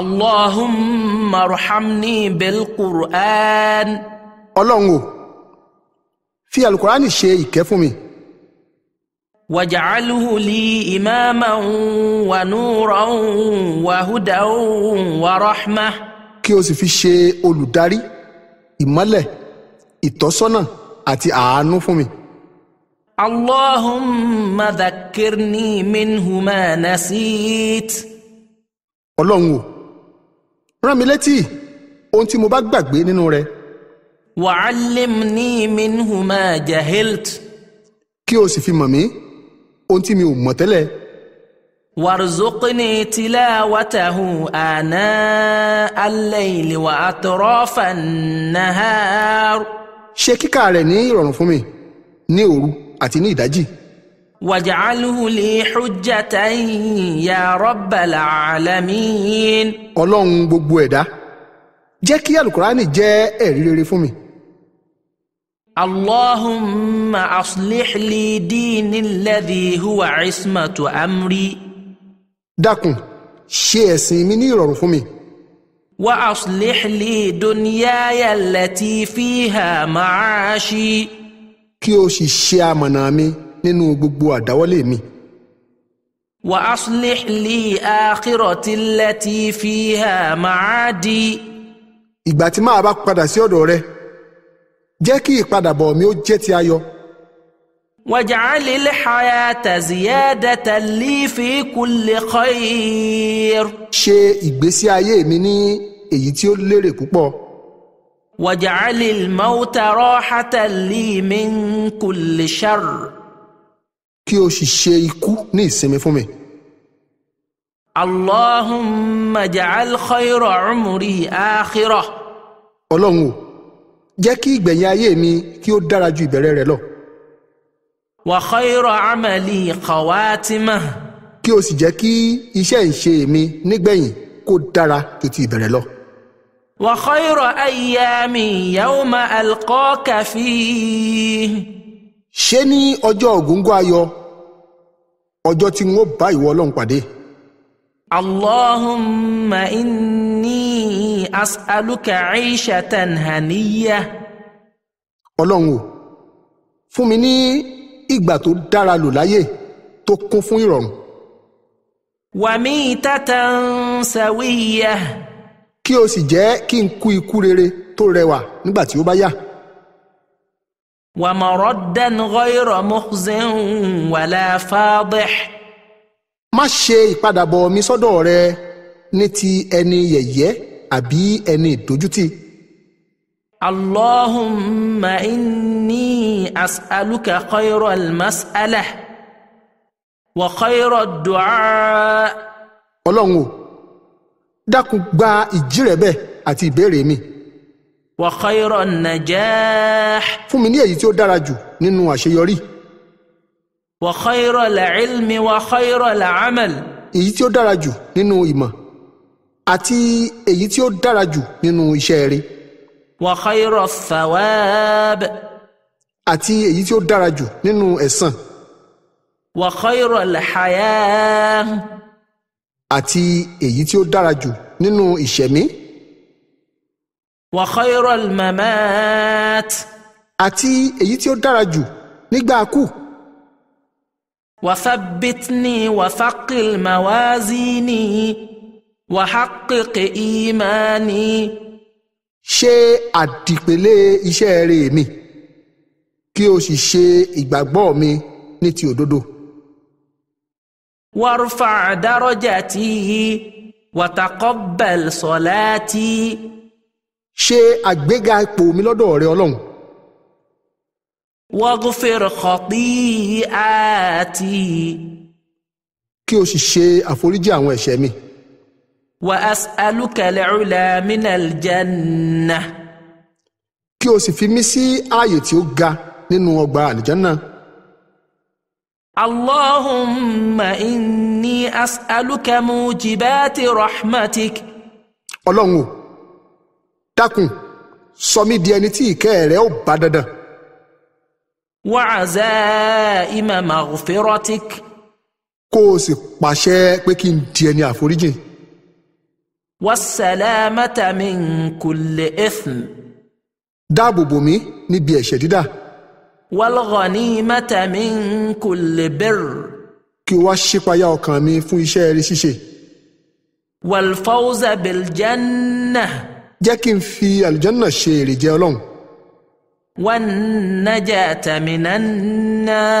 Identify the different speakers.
Speaker 1: Allahumma rahamni bil Qur'an.
Speaker 2: Ọlọ́run o fi alukurani ṣe ìkẹ́ fún mi.
Speaker 1: wàjàlúhu li imaman wa nuran wa hudan wa rahma.
Speaker 2: kí o sì fi ṣe olùdarí ìmọ́lẹ̀ ìtọ́sọ́nà àti àánú fún mi.
Speaker 1: Allahumma dhakkirni minhu ma nasit.
Speaker 2: Ọlọ́run o rán mi létí ohun tí mo bá gbàgbé nínú rẹ.
Speaker 1: wa'allimni minhu
Speaker 2: ma jahilt. kí o sì fi mọ̀ mí ohun tí mi ò mọ̀ tẹ́lẹ̀.
Speaker 1: warzuqni tilawatahu ana al-layli wa atrafa an-nahar.
Speaker 2: ṣe kíkà rẹ̀ ní ìrọ̀rùn fún mi ní òru àti ní ìdájí wàjàálùú lè hujjata
Speaker 1: ya rabbal alamin.
Speaker 2: ọlọ́run gbogbo ẹ̀dá jẹ́ kí alukurani jẹ́ ẹ̀rí rere fún mi.
Speaker 1: allahumma aslih li dini alladhi huwa ismatu amri.
Speaker 2: dákun ṣe ẹ̀sìn mi ní ìrọ̀rùn fún mi.
Speaker 1: wa aslih li dunyaya allati fiha
Speaker 2: ma'ashi. kí o sì ṣe amọ̀nà mi nínú gbogbo àdáwọ́lé mi.
Speaker 1: wa aslih li akhirati allati fiha ma'adi.
Speaker 2: ìgbà tí màá bá padà sí ọ̀dọ̀ rẹ jẹ́ kí ìpadàbọ̀ mi ó jẹ́ ti ayọ̀.
Speaker 1: waj'ali l-hayata ziyadatan li fi kulli khair.
Speaker 2: ṣe ìgbésí ayé mi ní èyí tí ó lérè púpọ̀.
Speaker 1: waj'ali l-mawta rahatan li min
Speaker 2: kí o sì ṣe ikú ní ìsinmi fún mi.
Speaker 1: Allahumma ja'al khayra umri akhirah.
Speaker 2: Ọlọ́run o, jẹ́ kí ìgbẹ̀yìn ayé mi kí ó dára ju ìbẹ̀rẹ̀ rẹ̀ lọ.
Speaker 1: Wa khayra amali khawatimah.
Speaker 2: Kí o sì jẹ́ kí iṣẹ́ ìṣe mi nígbẹ̀yìn kó dára ju ìbẹ̀rẹ̀ lọ.
Speaker 1: Wa khayra ayyami yawma alqaka fihi.
Speaker 2: ṣe ní ọjọ́ ògúngún ayọ̀ ọjọ́ tí ó bá ìwọ ọlọ́run pàdé.
Speaker 1: Allahumma inni as'aluka 'ishatan haniyya.
Speaker 2: Ọlọ́run o, fún mi ní ìgbà tó dára lò láyé tó kún fún ìrọ̀rùn.
Speaker 1: Wa mitatan
Speaker 2: sawiyya. Kí o sì jẹ́ kí n kú ikú rere tó rẹwà nígbà tí ó bá yá.
Speaker 1: ومردا غير مخز ولا فاضح
Speaker 2: má ṣe ìpadàbọ̀ mi sọ́dọ̀ rẹ ní ti ẹni yẹ̀yẹ́ àbí ẹni ìdójútì.
Speaker 1: Allahumma inni as'aluka khayra al-mas'ala
Speaker 2: wa khayra ad-du'a. Ọlọ́run o, dákun gba ìjírẹ̀bẹ̀ àti ìbéèrè mi
Speaker 1: wa khayra
Speaker 2: najah. fún mi ní èyí tí ó dára jù nínú àṣeyọrí.
Speaker 1: wa khayra al-ilmi wa khayra al-amal.
Speaker 2: èyí tí ó dára jù nínú ìmọ̀ àti èyí tí ó dára jù nínú iṣẹ́ rẹ̀.
Speaker 1: wa khayra al
Speaker 2: àti èyí tí ó dára jù nínú ẹ̀san.
Speaker 1: wa khayra al
Speaker 2: àti èyí tí ó dára jù nínú ìṣẹ̀mí wa khayral mamat. àti èyí tí ó dára jù nígbà kú.
Speaker 1: wa thabbitni wa thaqil mawazini wa
Speaker 2: haqqiq imani. ṣe àdìpẹ̀lẹ̀ iṣẹ́ rere mi kí o sì ṣe ìgbàgbọ́ mi ní ti òdodo.
Speaker 1: warfa darajati wa taqabbal salati ṣe àgbéga ipò mi lọ́dọ̀ rẹ ọlọ́run. waghfir khati'ati.
Speaker 2: kí o sì ṣe àforíjì àwọn ẹ̀ṣẹ̀ mi.
Speaker 1: wa as'aluka al-ula min
Speaker 2: kí o sì fi mí sí ààyè tí ó ga nínú ọgbà àlìjánná.
Speaker 1: اللهم إني أسألك موجبات رحمتك.
Speaker 2: ọlọ́run o dákun sọ mí di ẹni tí ìkẹ́ rẹ ó bá dandan.
Speaker 1: wa azaima maghfiratik.
Speaker 2: kó o sì pàṣẹ pé kí n di ẹni àforíjìn.
Speaker 1: wassalamata min kulli ithm. dáàbò bò mí
Speaker 2: níbi ẹ̀ṣẹ̀ dídá.
Speaker 1: wal ghanimata min kulli birr.
Speaker 2: kí o wá ṣípayá ọkàn mi fún iṣẹ́ rere ṣíṣe.
Speaker 1: wal fawza bil jannah
Speaker 2: jẹ́ kí n fi àlùjànnà ṣe èrè jẹ ọlọ́run.
Speaker 1: wan najata minan nar.